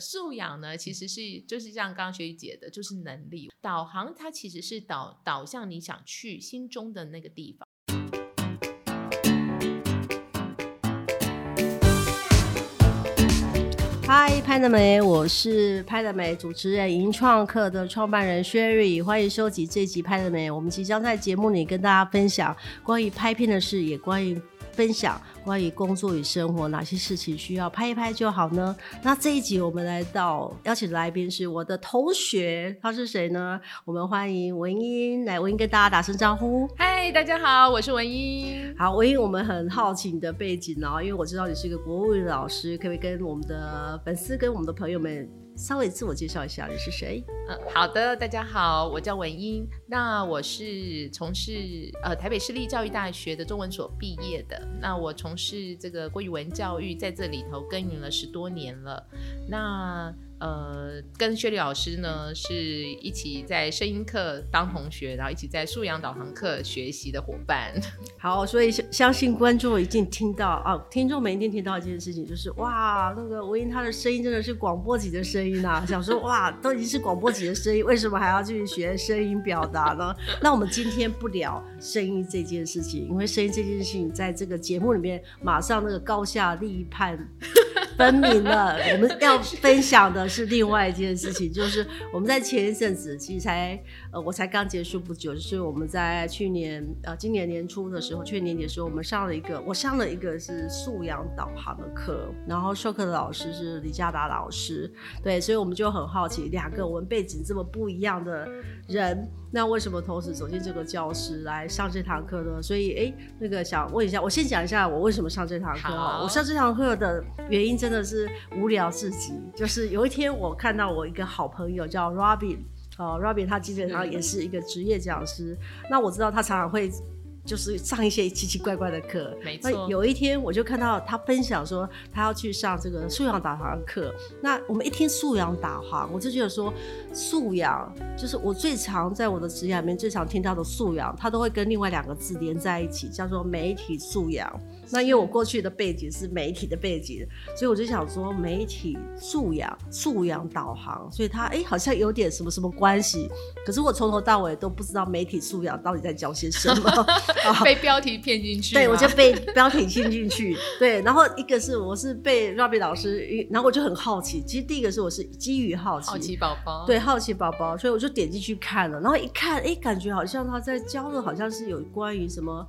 素養呢，其實是就是像剛剛學姐的，就是能力導航，它其實是導導向你想去心中的那個地方。嗨，拍了沒，我是拍了沒主持人影音創客的創辦人 Shary，歡迎收聽這集拍了沒。我們即將在節目裡跟大家分享關於拍片的事，也關於。分享關於工作與生活哪些事情需要拍一拍就好呢？那這一集我們來到邀請的來賓是我的同學，他是誰呢？我們歡迎文霙來，文霙跟大家打聲招呼。嗨，hey, 大家好，我是文霙。好，文霙，我們很好奇你的背景呢，哦，因為我知道你是一個國文老師，可不可以跟我們的粉絲、跟我們的朋友們？稍微自我介紹一下，你是誰？嗯、呃，好的，大家好，我叫文霙，那我是從事呃台北市立教育大學的中文所畢業的，那我從事這個國語文教育，在這裡頭耕耘了十多年了，那。呃，跟 Shary 老師呢是一起在聲音課當同學，然後一起在素養導航課學習的夥伴。好，所以相信觀眾一定聽到啊，聽眾們一定聽到一件事情，就是哇，那個文霙他的聲音真的是廣播級的聲音啊！ 想說哇，都已經是廣播級的聲音，為什麼還要去學聲音表達呢？ 那我們今天不聊聲音這件事情，因為聲音這件事情在這個節目裡面馬上那個高下立判。 分明了， 我們要分享的是另外一件事情， 就是我們在前一陣子其實才。呃，我才剛結束不久，就是我們在去年，呃，今年年初的時候，去年年底的時候，我們上了一個，我上了一個是素養導航的課，然後授課的老師是李佳達老師，對，所以我們就很好奇，兩個文背景這麼不一樣的人，那為什麼同時走進這個教室來上這堂課呢？所以，哎，那個想問一下，我先講一下我為什麼上這堂課、哦，Hello. 我上這堂課的原因真的是無聊至極，就是有一天我看到我一個好朋友叫 Robin。哦、oh，Robin 他基本上也是一個職業講師。的那我知道他常常會就是上一些奇奇怪怪的課。沒錯錯。那有一天我就看到他分享說，他要去上這個素養導航課。那我們一聽素養導航，我就覺得說素養就是我最常在我的職業裡面最常聽到的素養，他都會跟另外兩個字連在一起，叫做媒體素養。那因為我過去的背景是媒體的背景，所以我就想說，媒體素養、素養導航，所以它哎、欸、好像有點什麼什麼關係。可是我從頭到尾都不知道媒體素養到底在教些什麼， 啊、被標題騙進去、啊。對，我就被標題騙進去。 對，然後一個是我是被 Robby 老師，然後我就很好奇。其實第一個是我是基於好奇，好奇寶寶，對，好奇寶寶，所以我就點進去看了，然後一看，哎、欸，感覺好像他在教的好像是有關於什麼，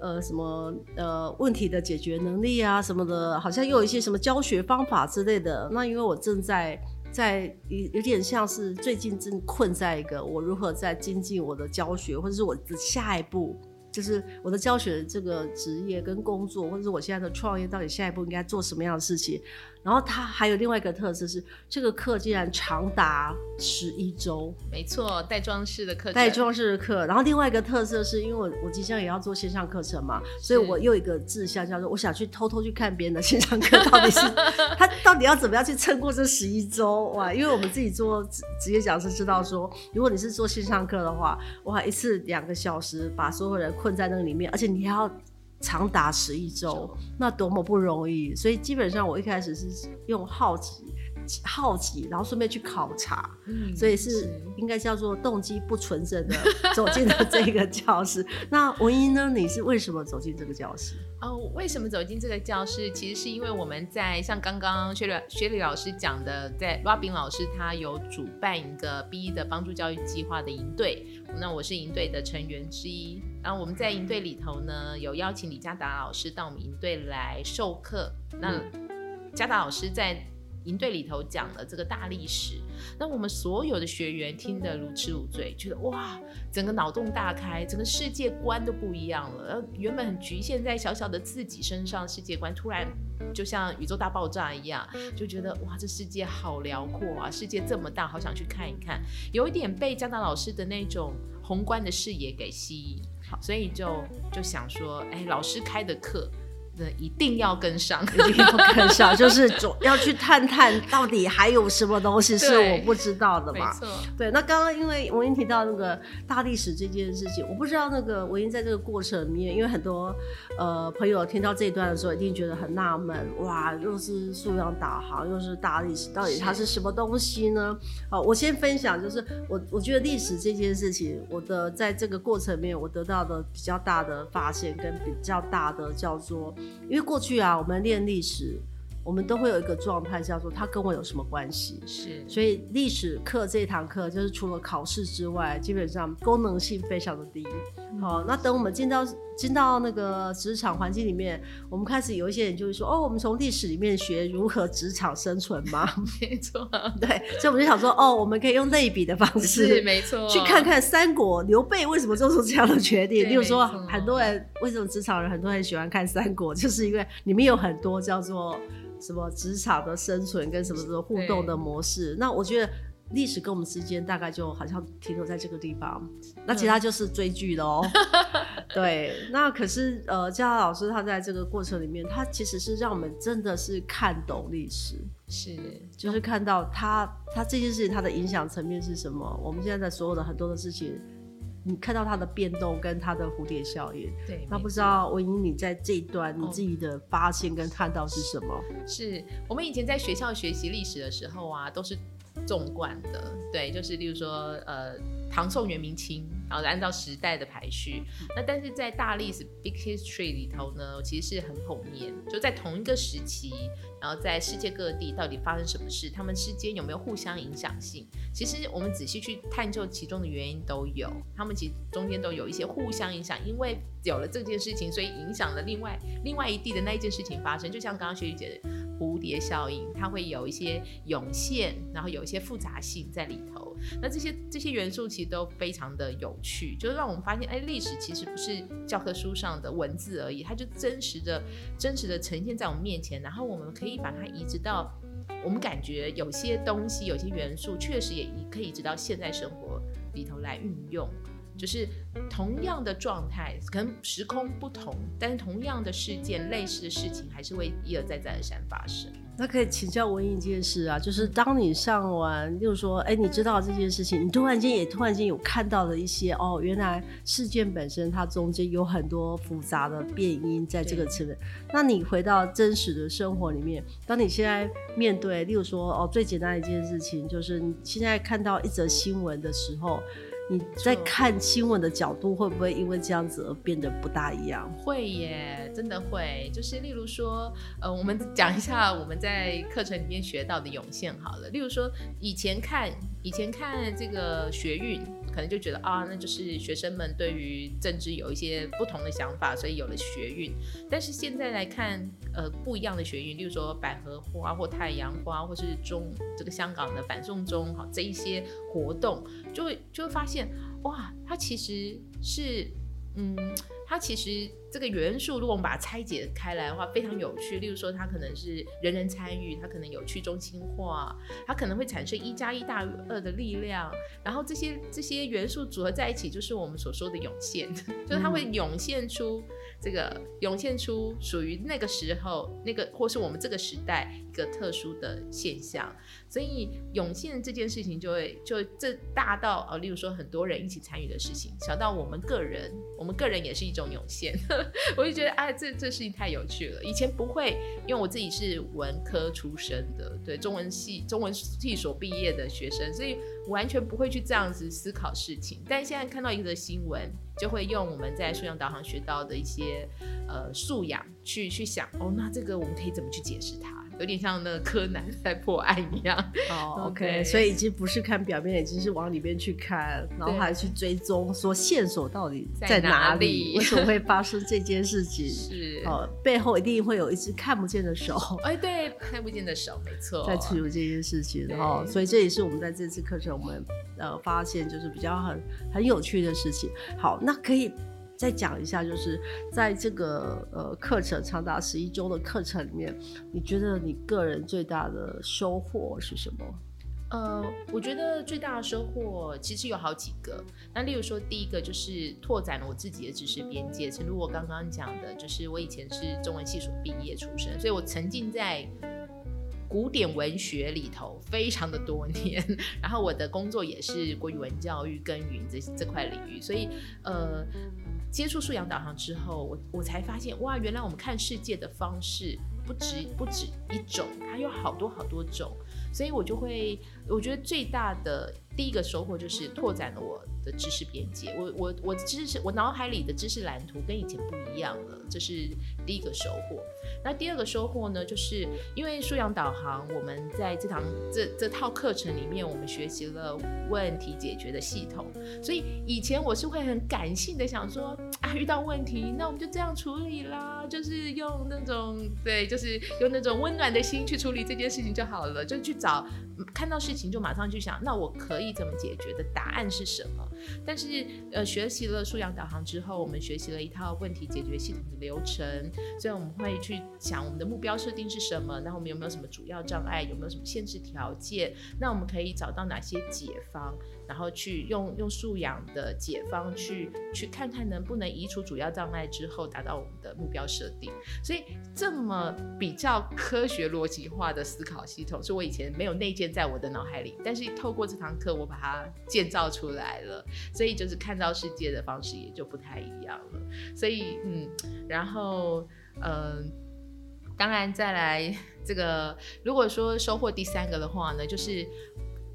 呃，什麼呃問題的解決能力啊，什麼的，好像又有一些什麼教學方法之類的。那因為我正在在有點像是最近正困在一個，我如何再精進我的教學，或者是我的下一步，就是我的教學這個職業跟工作，或者是我現在的創業，到底下一步應該做什麼樣的事情？然後它還有另外一個特色是，這個課竟然長達十一周。沒錯，帶裝飾的課程，帶裝飾的課。然後另外一個特色是，因為我我即將也要做線上課程嘛，是所以我有一個志向叫做我想去偷偷去看別人的線上課到底是 他到底要怎麼樣去撐過這十一周哇！因為我們自己做職業講師知道說，如果你是做線上課的話，哇，一次兩個小時把所有人困在那個裡面，而且你要。長達十一週，就那多麼不容易！所以基本上我一開始是用好奇、好奇，然後順便去考察，嗯、所以是應該叫做動機不純正的走進了這個教室。 那文霙呢，你是為什麼走進這個教室？哦，為什麼走進這個教室？其實是因為我們在像剛剛 Shary Shary 老師講的，在 Robin 老師他有主辦一個 B 的幫助教育計劃的營隊，那我是營隊的成員之一。然後我們在營隊裡頭呢，有邀請李佳達老師到我們營隊來授課。那佳達老師在營隊裡頭講了這個大歷史，那我們所有的學員聽得如癡如醉，覺得哇，整個腦洞大開，整個世界觀都不一樣了。原本很局限在小小的自己身上的世界觀，突然就像宇宙大爆炸一樣，就覺得哇，這世界好遼闊啊！世界這麼大，好想去看一看。有一點被佳達老師的那種宏觀的視野給吸引，所以就就想說，哎、欸，老師開的課。一定要跟上， 一定要跟上，就是總要去探探到底還有什麼東西是我不知道的嘛？對，沒錯。對，那剛剛因為文霙提到那個大歷史這件事情，我不知道那個文霙在這個過程裡面，因為很多呃朋友聽到這一段的時候一定覺得很納悶，哇，又是素養導航，又是大歷史，到底它是什麼東西呢？是好，我先分享，就是我我覺得歷史這件事情，我的在這個過程裡面，我得到的比較大的發現跟比較大的叫做。因為過去啊，我們練歷史，我們都會有一個狀態，叫做他跟我有什麼關係？是，所以歷史課這一堂課就是除了考試之外，基本上功能性非常的低。嗯、好，那等我們進到。進到那個職場環境裡面，我們開始有一些人就是說，哦，我們從歷史裡面學如何職場生存嗎？沒錯錯，對，所以我們就想說，哦，我們可以用類比的方式，沒錯，去看看三國劉備為什麼做出這樣的決定。比如說，很多人為什麼職場人很多人喜歡看三國，就是因為裡面有很多叫做什麼職場的生存跟什麼什麼互動的模式。對那我覺得，歷史跟我們之間大概就好像停留在這個地方，那其他就是追劇了哦。 對，那可是呃，佳達老師他在這個過程裡面，他其實是讓我們真的是看懂歷史，是就是看到他、嗯、他這件事情他的影響層面是什麼。我們現在在所有的很多的事情，你看到他的變動跟他的蝴蝶效應。對，那不知道錯文霙你在這一段你自己的發現跟看到是什麼？哦、是我們以前在學校學習歷史的時候啊，都是。縱貫的，對，就是例如說，呃，唐宋元明清，然後按照時代的排序。嗯、那但是在大歷史、嗯、（big history） 裡頭呢，其實是很普遍，就在同一個時期，然後在世界各地到底發生什麼事，他們之間有沒有互相影響性？其實我們仔細去探究其中的原因，都有，他們其實中間都有一些互相影響，因為有了這件事情，所以影響了另外另外一地的那一件事情發生。就像剛剛 Shary 姐。蝴蝶效應，它會有一些湧現，然後有一些複雜性在裡頭。那這些這些元素其實都非常的有趣，就是讓我們發現，哎，歷史其實不是教科書上的文字而已，它就真實的、真實的呈現在我們面前。然後我們可以把它移植到我們感覺有些東西、有些元素，確實也可以移植到現在生活裡頭來運用。就是同樣的狀態，可能時空不同，但是同樣的事件、類似的事情還是會一而再、再而三發生。那可以請教文霙一件事啊，就是當你上完，就是說，哎、欸，你知道這件事情，你突然間也突然間有看到了一些，哦，原來事件本身它中間有很多複雜的變因在這個層面。對那你回到真實的生活裡面，當你現在面對，例如說，哦，最簡單的一件事情就是你現在看到一則新聞的時候。你在看新聞的角度會不會因為這樣子而變得不大一樣？會耶，真的會。就是例如說，呃，我們講一下我們在課程裡面學到的湧現好了。例如說，以前看，以前看這個學運。可能就覺得啊，那就是學生們對於政治有一些不同的想法，所以有了學運。但是現在來看，呃，不一樣的學運，例如說百合花或太陽花，或是中這個香港的反送中，好這一些活動，就會就會發現，哇，它其實是，嗯。它其實這個元素，如果我們把它拆解開來的話，非常有趣。例如說，它可能是人人參與，它可能有去中心化，它可能會產生一加一大於二的力量。然後這些這些元素組合在一起，就是我們所說的湧現，就是它會湧現出這個、嗯、湧現出屬於那個時候那個或是我們這個時代一個特殊的現象。所以湧現這件事情就會就這大到呃、哦，例如說很多人一起參與的事情，小到我們個人，我們個人也是一。就湧現， 我就覺得哎、啊，這這事情太有趣了。以前不會，因為我自己是文科出身的，對中文系、中文系所畢業的學生，所以完全不會去這樣子思考事情。但現在看到一則新聞，就會用我們在素養導航學到的一些、呃、素養去去想哦，那這個我們可以怎麼去解釋它？有點像那個柯南在破案一樣哦，oh, OK，對所以已經不是看表面，已經是往裡面去看，對然後還去追蹤，說線索到底在哪裡，哪裡，為什麼會發生這件事情？是哦，背後一定會有一隻看不見的手。哎，對，看不見的手，沒錯，在催促這件事情。對哦，所以這也是我們在這次課程，我們呃發現就是比較很很有趣的事情。好，那可以。再講一下，就是在這個呃課程長達十一週的課程裡面，你覺得你個人最大的收穫是什麼？呃，我覺得最大的收穫其實有好幾個。那例如說，第一個就是拓展了我自己的知識邊界。誠如我剛剛講的，就是我以前是中文系所畢業出身，所以我沉浸在古典文學裡頭非常的多年，然後我的工作也是國語文教育跟語文這這塊領域，所以呃接觸素養導航之後，我我才發現哇，原來我們看世界的方式不止不止一種，它有好多好多種，所以我就會我覺得最大的第一個收穫就是拓展了我的知識邊界，我我我知識我腦海裡的知識藍圖跟以前不一樣了，這是第一個收穫。那第二個收穫呢，就是因為素養導航，我們在這堂這這套課程裡面，我們學習了問題解決的系統，所以以前我是會很感性的想說，啊，遇到問題，那我們就這樣處理啦，就是用那種對，就是用那種溫暖的心去處理這件事情就好了，就去找，看到事情就馬上去想，那我可以怎麼解決的？答案是什麼？但是，呃，學習了素養導航之後，我們學習了一套問題解決系統的流程。所以，我們會去想我們的目標設定是什麼，然後我們有沒有什麼主要障礙，有沒有什麼限制條件，那我們可以找到哪些解方。然後去用用素養的解方去去，看看能不能移除主要障礙之後達到我們的目標設定，所以這麼比較科學邏輯化的思考系統是我以前沒有內建在我的腦海裡，但是透過這堂課我把它建造出來了，所以就是看到世界的方式也就不太一樣了。所以嗯，然後嗯、呃，當然再來這個，如果說收穫第三個的話呢，就是。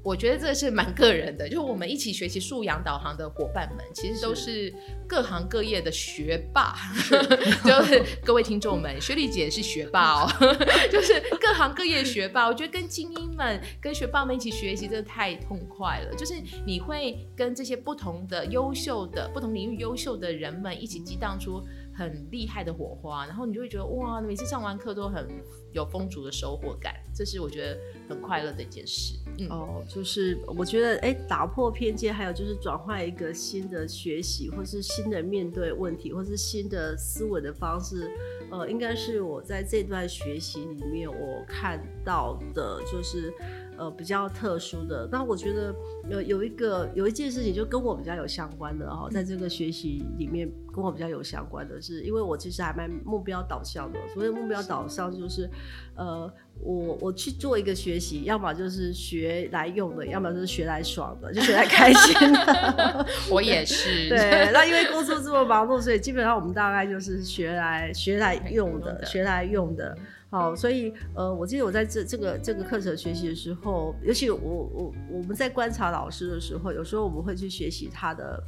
我覺得這是蠻個人的，就是我們一起學習素養導航的夥伴們，其實都是各行各業的學霸，是 就是各位聽眾們，雪莉姐是學霸哦， 就是各行各業的學霸。我覺得跟精英們、跟學霸們一起學習，真的太痛快了。就是你會跟這些不同的優秀的、不同領域優秀的人們一起激盪出很厲害的火花，然後你就會覺得哇，每次上完課都很有豐足的收穫感，這是我覺得很快樂的一件事。哦、嗯，oh, 就是我覺得哎、欸，打破偏見，還有就是轉換一個新的學習，或是新的面對問題，或是新的思維的方式，呃，應該是我在這段學習裡面我看到的，就是呃比較特殊的。那我覺得有有一個有一件事情就跟我比較有相關的哈，在這個學習裡面。跟我比較有相關的是，因為我其實還蠻目標導向的。所謂目標導向，就是，是的呃，我我去做一個學習，要麼就是學來用的，要麼就是學來爽的，嗯、就學來開心的。 我也是。對，那因為工作這麼忙碌，所以基本上我們大概就是學來 學來用的，學來用的。好，所以呃，我記得我在這這個這個課程學習的時候，尤其我我我們在觀察老師的時候，有時候我們會去學習他的。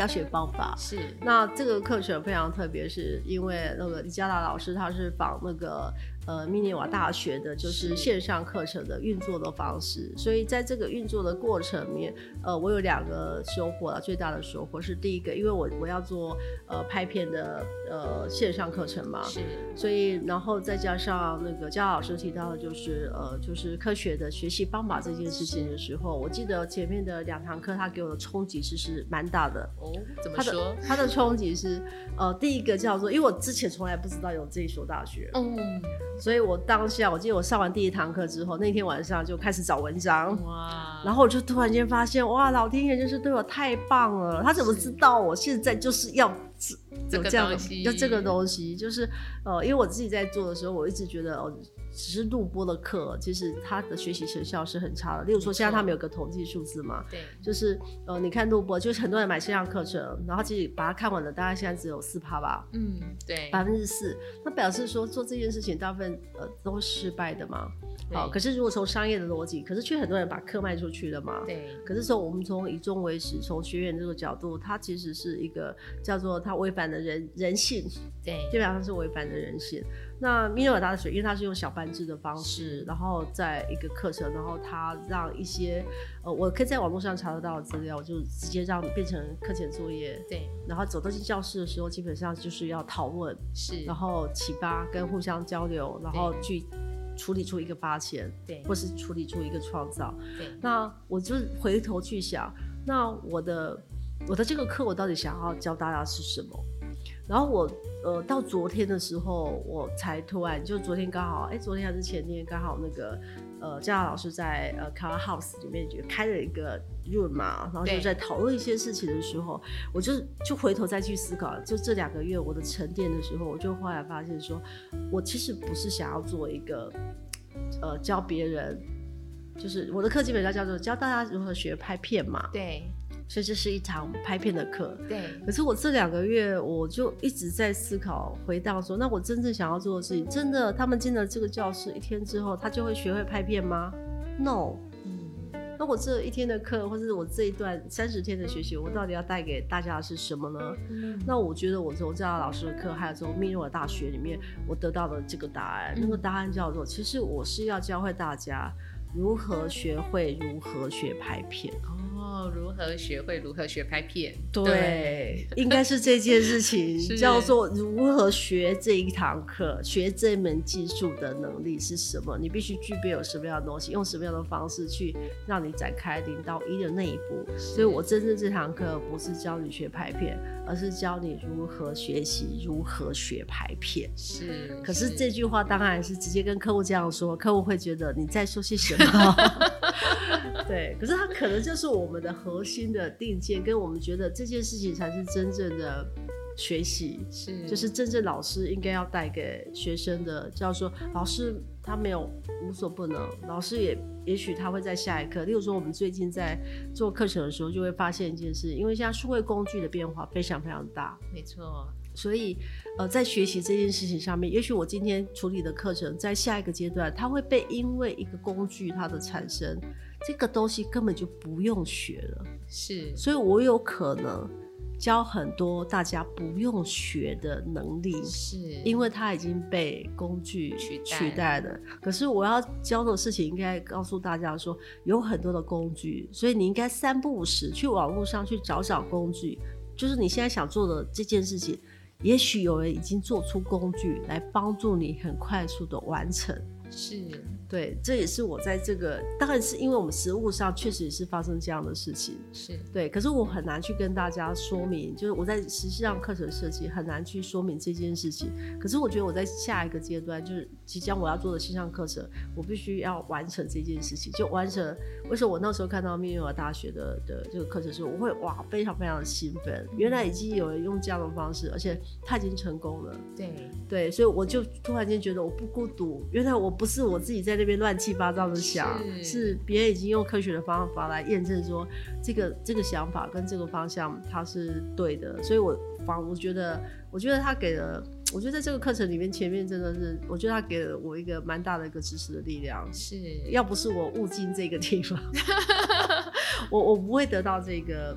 教學方法是，那這個課程非常特別，是因為那個李佳達老師，他是仿那個。呃，密涅瓦大學的就是線上課程的運作的方式，是所以在這個運作的過程裡面，呃，我有兩個收穫了。最大的收穫是第一個，因為我我要做呃拍片的呃線上課程嘛，是。所以，然後再加上那個佳老師提到的就是呃就是科學的學習方法這件事情的時候，是我記得前面的兩堂課他給我的衝擊其實蠻大的。哦，怎麼說？他的衝擊是呃，第一個叫做，因為我之前從來不知道有這所大學。嗯。所以，我當下，我記得我上完第一堂課之後，那天晚上就開始找文章。哇！Wow. 然後我就突然間發現，哇，老天爺就是對我太棒了，他怎麼知道我現在就是要這這樣的，這要這個東西，就是呃，因為我自己在做的時候，我一直覺得哦。呃只是錄播的課，其實它的學習成效是很差的。例如說，現在他們有個統計數字嘛，對，就是呃，你看錄播，就是很多人買線上課程，然後其實把它看完了，大概現在只有四趴吧，嗯，對，百分之四，那表示說做這件事情大部分呃都失敗的嘛。好對、哦，可是如果從商業的邏輯，可是卻很多人把課賣出去了嘛，對。可是說我們從以終為始，從學員這個角度，它其實是一個叫做它違反了人人性，對，基本上是違反的人性。那密涅瓦大學，因為它是用小班制的方式，然後在一個課程，然後它讓一些，呃，我可以在網絡上查得到的資料，就直接讓你變成課前作業。對。然後走到進教室的時候，基本上就是要討論。是。然後啟發跟互相交流，對然後去處理出一個發現對，或是處理出一個創造。對。那我就回頭去想，那我的我的這個課，我到底想要教大家是什麼？然後我呃到昨天的時候，我才突然就昨天剛好哎，昨天還是前天剛好那個呃，佳達老師在呃，Clubhouse 裡面就開了一個 room 嘛，然後就在討論一些事情的時候，對我就就回頭再去思考，就這兩個月我的沉澱的時候，我就忽然發現說，我其實不是想要做一個呃教別人，就是我的課基本上叫做教大家如何學拍片嘛，對。所以這是一堂拍片的課，嗯、對。可是我這兩個月我就一直在思考，回到說，那我真正想要做的事情，真的，他們進了這個教室一天之後，他就會學會拍片嗎？No。嗯。那我這一天的課，或是我這一段三十天的學習，我到底要帶給大家的是什麼呢？嗯、那我覺得，我從這樣的老師的課，還有從密諾的大學裡面，我得到了這個答案。嗯、那個答案叫做，其實我是要教會大家如何學會如何學拍片。哦，如何學會如何學拍片？對，對應該是這件事情 是叫做如何學這一堂課，學這門技術的能力是什麼？你必須具備有什麼樣的東西，用什麼樣的方式去讓你展開零到一的那一步。是所以，我真正這堂課不是教你學拍片，嗯、而是教你如何學習如何學拍片。是，可是這句話當然是直接跟客戶這樣說，客戶會覺得你在說些什麼。 對，可是他可能就是我們的核心的定見，跟我們覺得這件事情才是真正的學習，是就是真正老師應該要帶給學生的，叫做老師他沒有無所不能，老師也也許他會在下一課，例如說我們最近在做課程的時候，就會發現一件事，因為現在數位工具的變化非常非常大，沒錯，所以呃在學習這件事情上面，也許我今天處理的課程，在下一個階段，它會被因為一個工具它的產生。這個東西根本就不用學了，是，所以我有可能教很多大家不用學的能力，是因為它已經被工具取代了。取代了，可是我要教的事情，應該告訴大家說，有很多的工具，所以你應該三不五時去網絡上去找找工具，就是你現在想做的這件事情，也許有人已經做出工具來幫助你很快速的完成。是對，這也是我在這個，當然是因為我們實務上確實也是發生這樣的事情，是對。可是我很難去跟大家說明，是就是我在實際上課程設計很難去說明這件事情。是可是我覺得我在下一個階段，就是即將我要做的線上課程，我必須要完成這件事情，就完成。為什麼我那時候看到密涅瓦大學的的這個課程時候，我會哇非常非常的興奮，原來已經有人用這樣的方式，而且他已經成功了。對對，所以我就突然間覺得我不孤獨，原來我。不是我自己在那邊亂七八糟的想，是別人已經用科學的方法來驗證說，這個這個想法跟這個方向它是對的，所以我反我覺得，我覺得他給了，我覺得在這個課程裡面前面真的是，我覺得他給了我一個蠻大的一個知識的力量。是要不是我誤進這個地方， 我我不會得到這個。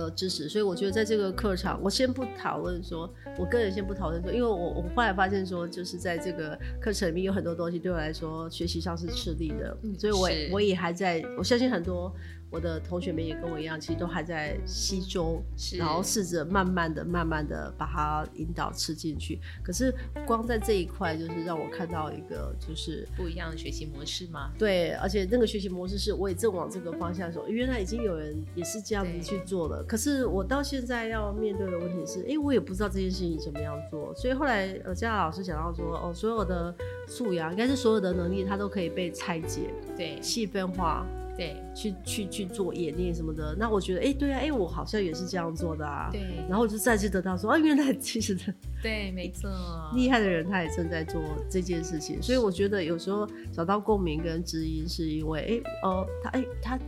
的知識，所以我覺得在這個課程，我先不討論說，我個人先不討論說，因為我我後來發現說，就是在這個課程裡面有很多東西對我來說學習上是吃力的，所以我是我也還在，我相信很多。我的同學們也跟我一樣，其實都還在西中，是然後試着慢慢的、慢慢的把它引導吃進去。可是光在這一塊，就是讓我看到一個就是不一樣的學習模式嘛。對，而且那個學習模式是我也正往這個方向走。原來已經有人也是這樣子去做了，對可是我到現在要面對的問題是，哎、欸，我也不知道這件事情怎麼樣做。所以後來呃，佳達老師講到說，哦，所有的素養應該是所有的能力，它都可以被拆解，對，細分化。對，去去去做演練什麼的，那我覺得，哎、欸，對啊，哎、欸，我好像也是這樣做的啊。對，然後我就再次得到說，啊，原來其實的，對，沒錯，厲害的人他也正在做這件事情，嗯、所以我覺得有時候找到共鳴跟知音，是因為，哎、欸，哦、呃，他，哎、欸，他。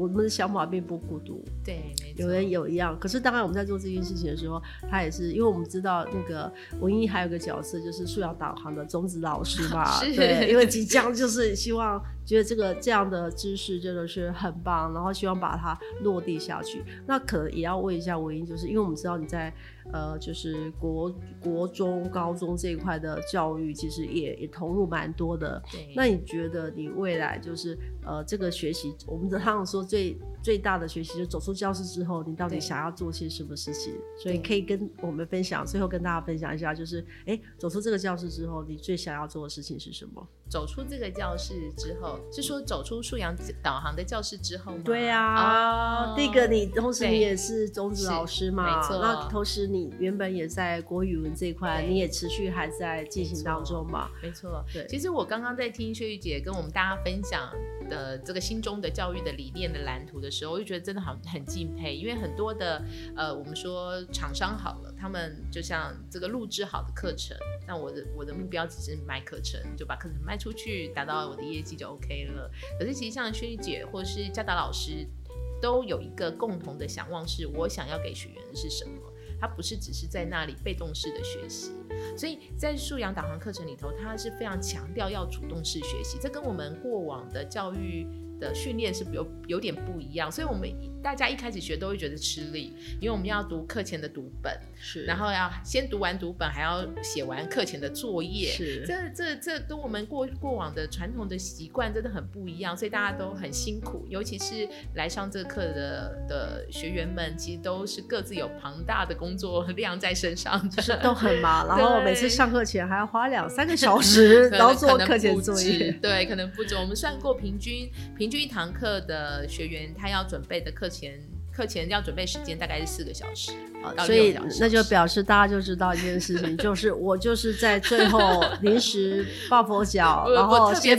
我們的想法並不孤獨，對，有人有一樣。可是當然我們在做這件事情的時候，他也是，因為我們知道那個文霙還有個角色，就是素養導航的種子老師嘛，是對，因為即將就是希望覺得這個 這樣的知識真的是很棒，然後希望把它落地下去。那可能也要問一下文霙，就是因為我們知道你在。呃，就是國國中、高中這一塊的教育，其實也也投入蠻多的。對，那你覺得你未來就是呃，這個學習，我們的他們說最最大的學習，就走出教室之後，你到底想要做些什麼事情？對所以可以跟我們分享，對最後跟大家分享一下，就是哎、欸，走出這個教室之後，你最想要做的事情是什麼？走出這個教室之後，是說走出素養導航的教室之後嗎？對啊，哦、啊，這個你同時你也是中職老師嘛，沒錯。那同時你原本也在國語文這一塊，對你也持續還在進行當中吧？沒錯，對。其實我剛剛在聽薛玉姐跟我們大家分享的這個心中的教育的理念的藍圖的時候，我就覺得真的好很，很敬佩，因為很多的呃，我們說廠商好了。他們就像這個錄製好的課程，那我的我的目標只是賣課程，就把課程賣出去，達到我的業績就 OK 了。可是其實像薛玉姐或是佳達老師，都有一個共同的想望，是我想要給學員的是什麼？他不是只是在那裡被動式的學習，所以在素養導航課程裡頭，他是非常強調要主動式學習。這跟我們過往的教育，的訓練是有有點不一樣，所以我們大家一開始學都會覺得吃力，因為我們要讀課前的讀本，是，然後要先讀完讀本，還要寫完課前的作業，是，這這這跟我們過過往的傳統的習慣真的很不一樣，所以大家都很辛苦，尤其是來上這課的的學員們，其實都是各自有龐大的工作量在身上的，就是都很忙，對然後每次上課前還要花兩三個小時，嗯、然後做課前作業，對，可能不止，我們算過平均平。就一堂課的學員，他要準備的課前課前要準備時間大概是四個小時。所以那就表示大家就知道一件事情，就是我就是在最後臨時抱佛腳，然後先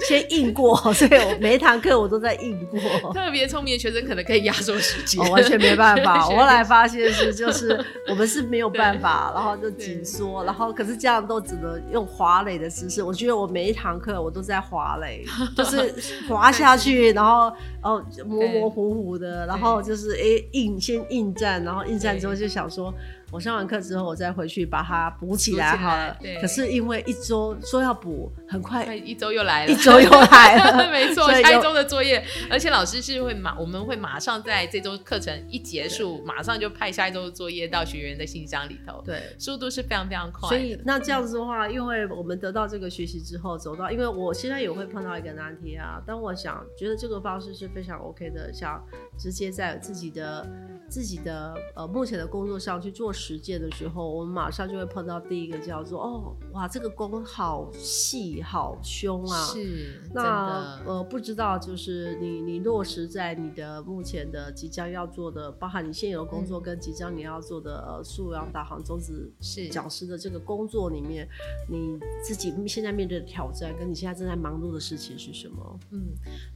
先硬過。所以我每一堂課我都在硬過。特別聰明的學生可能可以壓縮時間，完全沒辦法。我後來發現是就是我們是沒有辦法，然後就緊縮，然後可是這樣都只能用滑壘的姿勢。我覺得我每一堂課我都在滑壘，就是滑下去，然後哦模模糊糊的，然後就是哎硬先硬戰，然後硬戰。我就對想說，我上完課之後，我再回去把它補起來好了。對可是因為一周說要補，很快一周又來了，一周又來了。 沒錯錯，下一周的作業，而且老師是會馬，我們會馬上在這周課程一結束，對馬上就派下一周的作業到學員的信箱裡頭。對，速度是非常非常快。所以那這樣子的話，因為我們得到這個學習之後，走到，因為我現在也會碰到一個難題啊，但我想覺得這個方式是非常 OK 的，想直接在自己的。自己的呃，目前的工作上去做實踐的時候，我們馬上就會碰到第一個叫做“哦，哇，這個工好細好兇啊！”是，那真的呃，不知道就是你你落實在你的目前的即將要做的，包含你現有的工作跟即將你要做的、嗯、呃，素養導航種子是講師的這個工作裡面，是你自己現在面對的挑戰跟你現在正在忙碌的事情是什麼？嗯，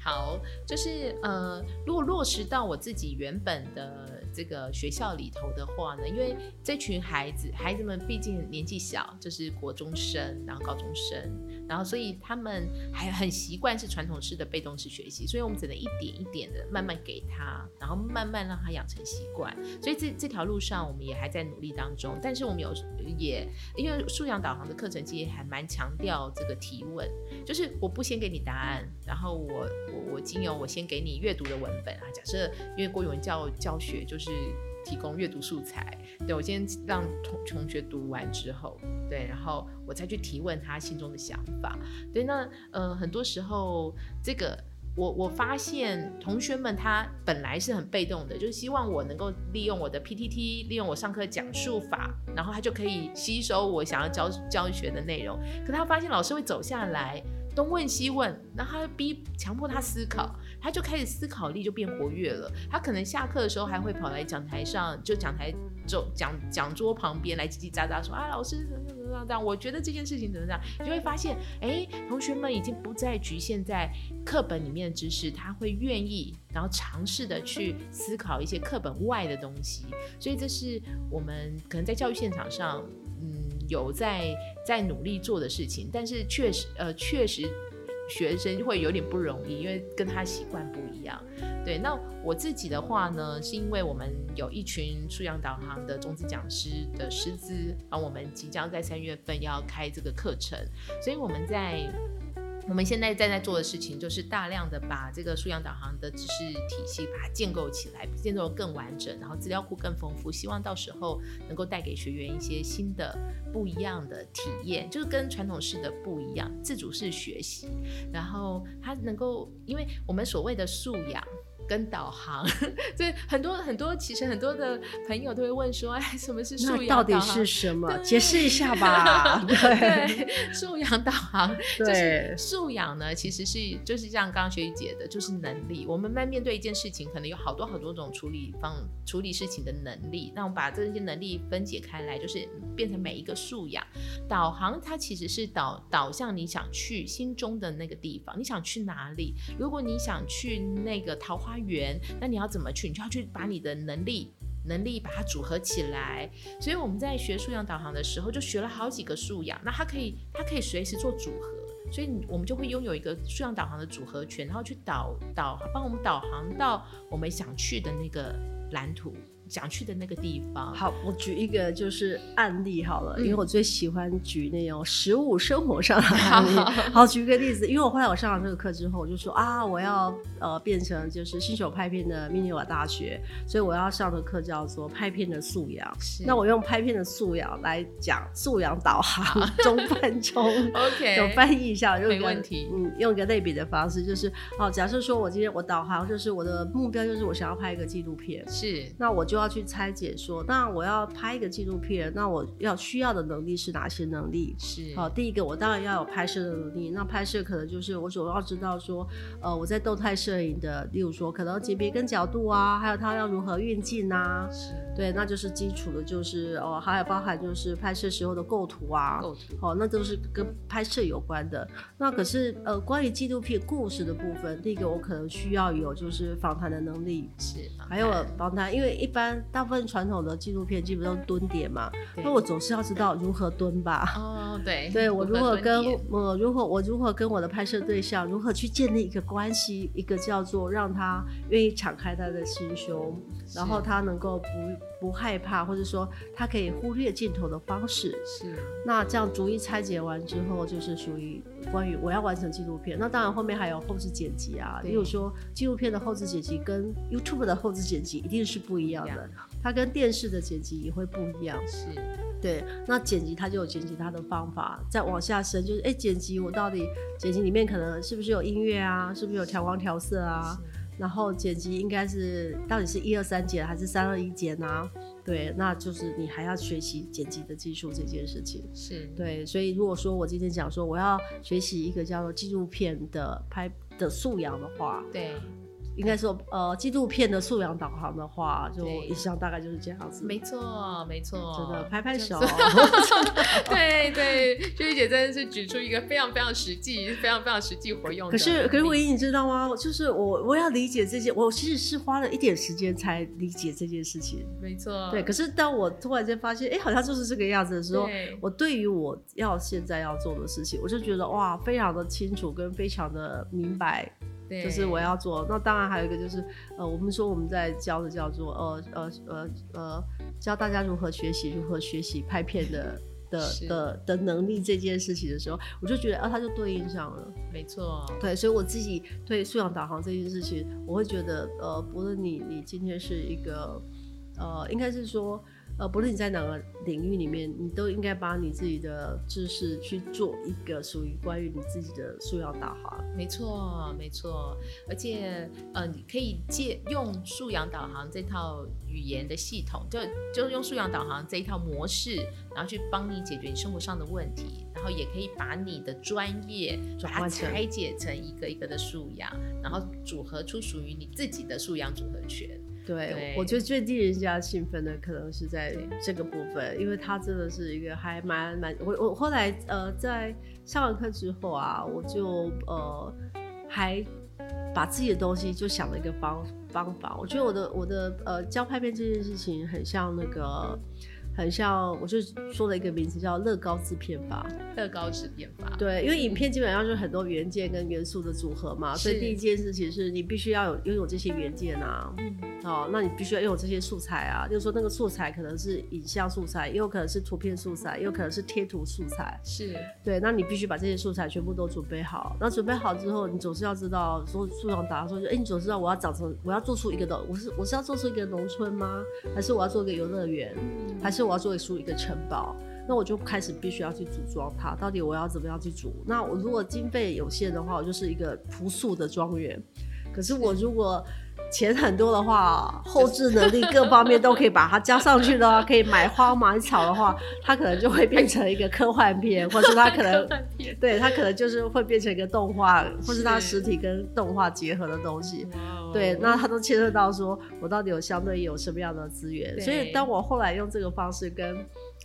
好，就是呃，如果落實到我自己原本的。這個學校裡頭的話呢，因為這群孩子，孩子們畢竟年紀小，就是國中生，然後高中生。然後，所以他們還很習慣是傳統式的被動式學習，所以我們只能一點一點的慢慢給他，然後慢慢讓他養成習慣。所以這這條路上，我們也還在努力當中。但是我們有也因為素養導航的課程，其實還蠻強調這個提問，就是我不先給你答案，然後我我我經由我先給你閱讀的文本啊，假設因為國語文教教學就是。提供閱讀素材。對我先讓同同學讀完之後，對，然後我再去提問他心中的想法。對，那呃，很多時候這個我我發現同學們他本來是很被動的，就是希望我能夠利用我的 PPT，利用我上課講述法，然後他就可以吸收我想要教教學的內容。可他發現老師會走下來，東問西問，那他逼強迫他思考。他就開始思考力就變活躍了，他可能下課的時候還會跑來講台上，就講台走講講桌旁邊來嘰嘰喳喳說啊，老師怎麼怎麼樣？我覺得這件事情怎麼樣？你就會發現，哎、欸，同學們已經不再局限在課本裡面的知識，他會願意然後嘗試的去思考一些課本外的東西。所以這是我們可能在教育現場上，嗯，有在在努力做的事情。但是確實，呃，確實。學生會有點不容易，因為跟他習慣不一樣。對，那我自己的話呢，是因為我們有一群素養導航的種子講師的師資，啊，我們即將在三月份要開這個課程，所以我們在。我們現在正在做的事情，就是大量的把這個素養導航的知識體系把它建構起來，建構得更完整，然後資料庫更豐富，希望到時候能夠帶給學員一些新的、不一樣的體驗，就是跟傳統式的不一樣，自主式學習，然後它能夠，因為我們所謂的素養。跟導航，所以很多很多，其實很多的朋友都會問說：“哎，什麼是素養導航？那到底是什麼？對解釋一下吧。 對，素養導航，對，素養呢，其實是就是像剛剛學姐的，就是能力。對我們在面對一件事情，可能有好多好多種處理方、處理事情的能力。那我們把這些能力分解開來，就是變成每一個素養。導航它其實是導導向你想去心中的那個地方。你想去哪裡？如果你想去那個桃花。那你要怎麼去？你就要去把你的能力、能力把它組合起來。所以我們在學素養導航的時候，就學了好幾個素養，那它可以，它可以隨時做組合。所以我們就會擁有一個素養導航的組合拳，然後去導導，幫我們導航到我們想去的那個藍圖。想去的那個地方。好，我舉一個就是案例好了，嗯、因為我最喜歡舉那種食物生活上的案例。好，好，好，舉一個例子，因為我後來我上了這個課之後，我就說啊，我要呃變成就是新手拍片的密涅瓦大學，所以我要上的課叫做拍片的素養。是。那我用拍片的素養來講素養導航好中翻中 ，OK，有翻譯一下，就沒問題。嗯，用一個類比的方式，就是哦，假設說我今天我導航，就是我的目標就是我想要拍一個紀錄片，是。那我就。都要去拆解說，說那我要拍一個紀錄片，那我要需要的能力是哪些能力？是，好、哦，第一個我當然要有拍攝的能力，那拍攝可能就是我主要知道說，呃，我在動態攝影的，例如說可能級別跟角度啊，還有它要如何運鏡啊，是，對，那就是基礎的，就是哦，還有包含就是拍攝時候的構圖啊，構圖，哦、那都是跟拍攝有關的。那可是呃，關於紀錄片故事的部分，第一個我可能需要有就是訪談的能力，是，還有幫他，因為一般。大部分傳統的紀錄片基本上都是蹲點嘛，那對我總是要知道如何蹲吧。對對哦，對，對我如何跟我如何、呃、如何我如何跟我的拍攝對象如何去建立一個關係，一個叫做讓他願意敞開他的心胸，然後他能夠不。不害怕，或者說他可以忽略鏡頭的方式是，那這樣逐一拆解完之後，就是屬於關於我要完成紀錄片。那當然後面還有後製剪輯啊，對例如說紀錄片的後製剪輯跟 YouTube 的後製剪輯一定是不一樣的，它跟電視的剪輯也會不一樣。是，對，那剪輯它就有剪輯它的方法，再往下深就是，哎、欸，剪輯我到底剪輯裡面可能是不是有音樂啊，是,是不是有調光調色啊？然後剪輯應該是到底是一二三剪還是三二一剪呢？對，那就是你還要學習剪輯的技術這件事情。是，對。所以如果說我今天講說我要學習一個叫做紀錄片的拍的素養的話，對。應該說，呃，紀錄片的素養導航的話，對就一向大概就是這樣子。沒錯，沒錯，真的拍拍手。對樣 對，秋怡姐真的是舉出一個非常非常實際、非常非常實際活用的可。可是可是，唯一你知道嗎？就是我我要理解這些，我其實是花了一點時間才理解這件事情。沒錯錯。對，可是當我突然間發現，哎、欸，好像就是這個樣子的時候，對我對於我要現在要做的事情，我就覺得哇，非常的清楚跟非常的明白。對就是我要做，那當然還有一個就是，呃，我們說我們在教的叫做呃呃呃呃教大家如何學習，如何學習拍片的的是的的能力這件事情的時候，我就覺得啊、呃，它就對應上了。沒錯，對，所以我自己對素養導航這件事情，我會覺得呃，不論你你今天是一個呃，應該是說。呃，不論你在哪個領域裡面，你都應該把你自己的知識去做一個屬於關於你自己的素養導航。沒錯，沒錯，而且，呃，你可以借用素養導航這套語言的系統，就就是用素養導航這一套模式，然後去幫你解決你生活上的問題，然後也可以把你的專業把它拆解成一個一個的素養，然後組合出屬於你自己的素養組合拳。對，對我覺得最令人家興奮的可能是在這個部分，因為他真的是一個還蠻蠻，我我後來呃在上完課之後啊，我就呃還把自己的東西就想了一個方方法，我覺得我的我的呃教拍片這件事情很像那個。很像，我就說了一個名字叫樂高製片法。樂高製片法。對，因為影片基本上就是很多元件跟元素的組合嘛，是所以第一件事情是你必須要有擁有這些元件吶、啊，嗯、哦，那你必須要擁有這些素材啊，就是說那個素材可能是影像素材，也有可能是圖片素材，嗯、也有可能是貼圖素材，是，對，那你必須把這些素材全部都準備好。那準備好之後，你總是要知道說，通常大家說哎，欸、你總是知道我要長成，我要做出一個的，我是我是要做出一個農村嗎？還是我要做一個遊樂園？嗯、還是我我要做一書一個城堡，那我就開始必須要去組裝它。到底我要怎麼樣去組？那我如果經費有限的話，我就是一個樸素的莊園。可是我如果錢很多的話，後製能力各方面都可以把它加上去的話，可以買花買草的話，它可能就會變成一個科幻片，或者它可能 片對，它可能就是會變成一個動畫，或是它實體跟動畫結合的東西。對，那他都牽涉到說，我到底有相對有什麼樣的資源？對所以，當我後來用這個方式跟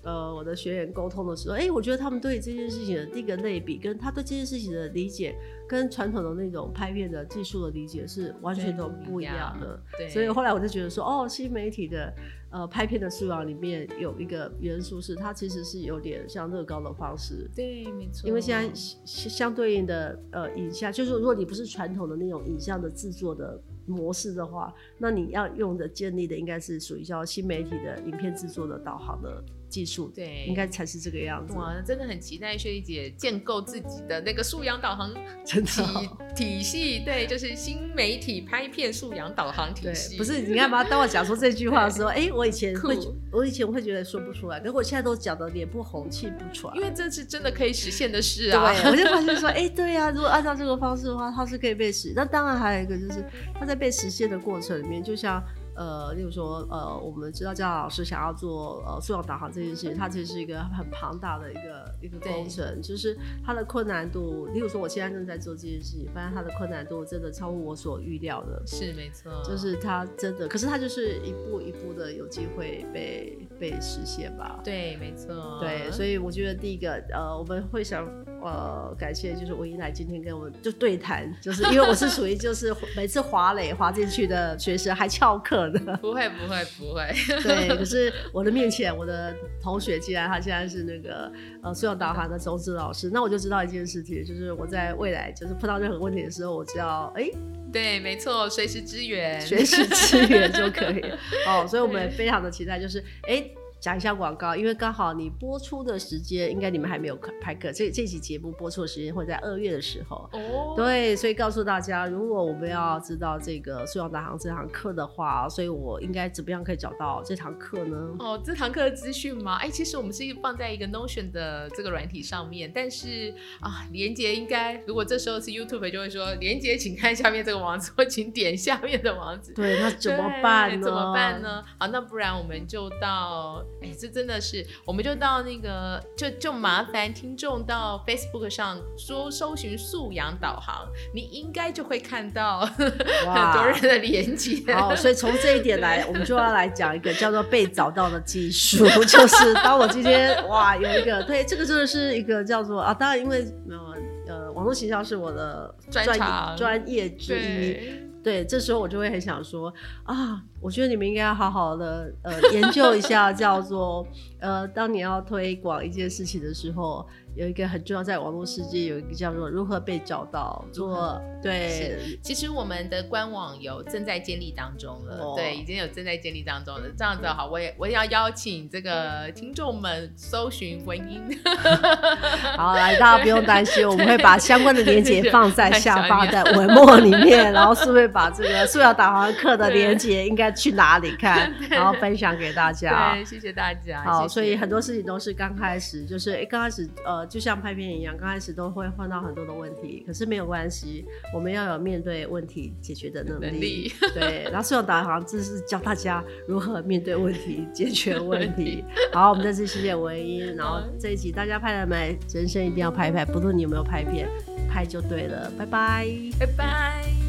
呃我的學員溝通的時候，哎、欸，我覺得他們對這件事情的這個類比，跟他對這件事情的理解，跟傳統的那種拍片的技術的理解是完全都不一樣的。對，所以後來我就覺得說，哦，新媒體的呃拍片的素養裡面有一個元素是，它其實是有點像樂高的方式。對，沒錯。因為現在相相對應的呃影像，就是如果你不是傳統的那種影像的制作的。模式的話，那你要用的建立的應該是屬於叫新媒體的影片制作的導航的。技術對，應該才是這個樣子。哇，真的很期待雪莉姐建構自己的那個素養導航體、哦、體系。對，就是新媒體拍片素養導航體系。不是，你看吧，當我講說這句話的時候，哎對，我以前會，酷我以前會覺得說不出來，如果現在都講得臉不紅氣不喘，因為這是真的可以實現的事啊。對我就發現說，哎，對呀、啊，如果按照這個方式的話，它是可以被實。 那當然還有一個就是，它在被實現的過程裡面，就像。呃，例如說，呃，我們知道佳達老師想要做呃素養導航這件事情，它，其實是一個很龐大的一個一個工程，對就是它的困難度。例如說，我現在正在做這件事情，發現它的困難度真的超乎我所預料的。是沒錯，就是它真的，可是它就是一步一步的有機會被被實現吧？對，沒錯。對，所以我覺得第一個，呃，我們會想。呃，感謝就是文霙今天跟我就對談，就是因為我是屬於就是每次滑壘滑進去的學生 還翹課的，不會不會不會。對，可、就是我的面前我的同學，既然他現在是那個呃，素養導航的種子老師， 那我就知道一件事情，就是我在未來就是碰到任何問題的時候，我就要哎，欸、對，沒錯，隨時支援，隨時支援就可以。 哦，所以我們非常的期待，就是哎。欸講一下廣告，因為剛好你播出的時間，應該你們還沒有拍課。這這期節目播出的時間會在二月的時候。哦。對，所以告訴大家，如果我們要知道這個素養導航這堂課的話，所以我應該怎麼樣可以找到這堂課呢？哦，這堂課的資訊嗎？哎，其實我們是放在一個 Notion 的這個軟體上面，但是啊，連結應該如果這時候是 YouTube 就會說，連結請看下面這個網址，或請點下面的網址。對，那怎麼辦呢、哎？怎麼辦呢？好，那不然我們就到。哎、欸，這真的是，我們就到那個，就就麻煩聽眾到 Facebook 上說搜搜尋素養導航，你應該就會看到很多人的連接。哦，所以從這一點來，對我們就要來講一個叫做被找到的技術，就是當我今天哇，有一個對，這個真的是一個叫做啊，當然因為呃，網絡行銷是我的專專業，業之一，對，對，這時候我就會很想說啊。我覺得你們應該要好好的呃研究一下，叫做 呃，當你要推廣一件事情的時候，有一個很重要，在網絡世界有一個叫做如何被找到。嗯、做對，其實我們的官網有正在建立當中了，哦、對，已經有正在建立當中了。這樣子好，我也我也要邀請這個聽眾們搜尋文霙 好，來大家不用擔心，對我們會把相關的鏈接對放在下方 小娘 在文末裡面，然後是不是會把這個素養導航課的鏈接對應該。 去哪裡看，然後分享給大家。 對，謝謝大家。好，謝謝。所以很多事情都是剛開始，就是剛、欸、開始，呃，就像拍片一樣，剛開始都會碰到很多的問題，可是沒有關係，我們要有面對問題解決的能力。能力 對，然後素養導航就是教大家如何面對問題、解決問題。 好，我們這次謝謝文霙，然後這一集大家拍了沒？人生一定要拍一拍，不論你有沒有拍片，拍就對了。拜拜，拜拜。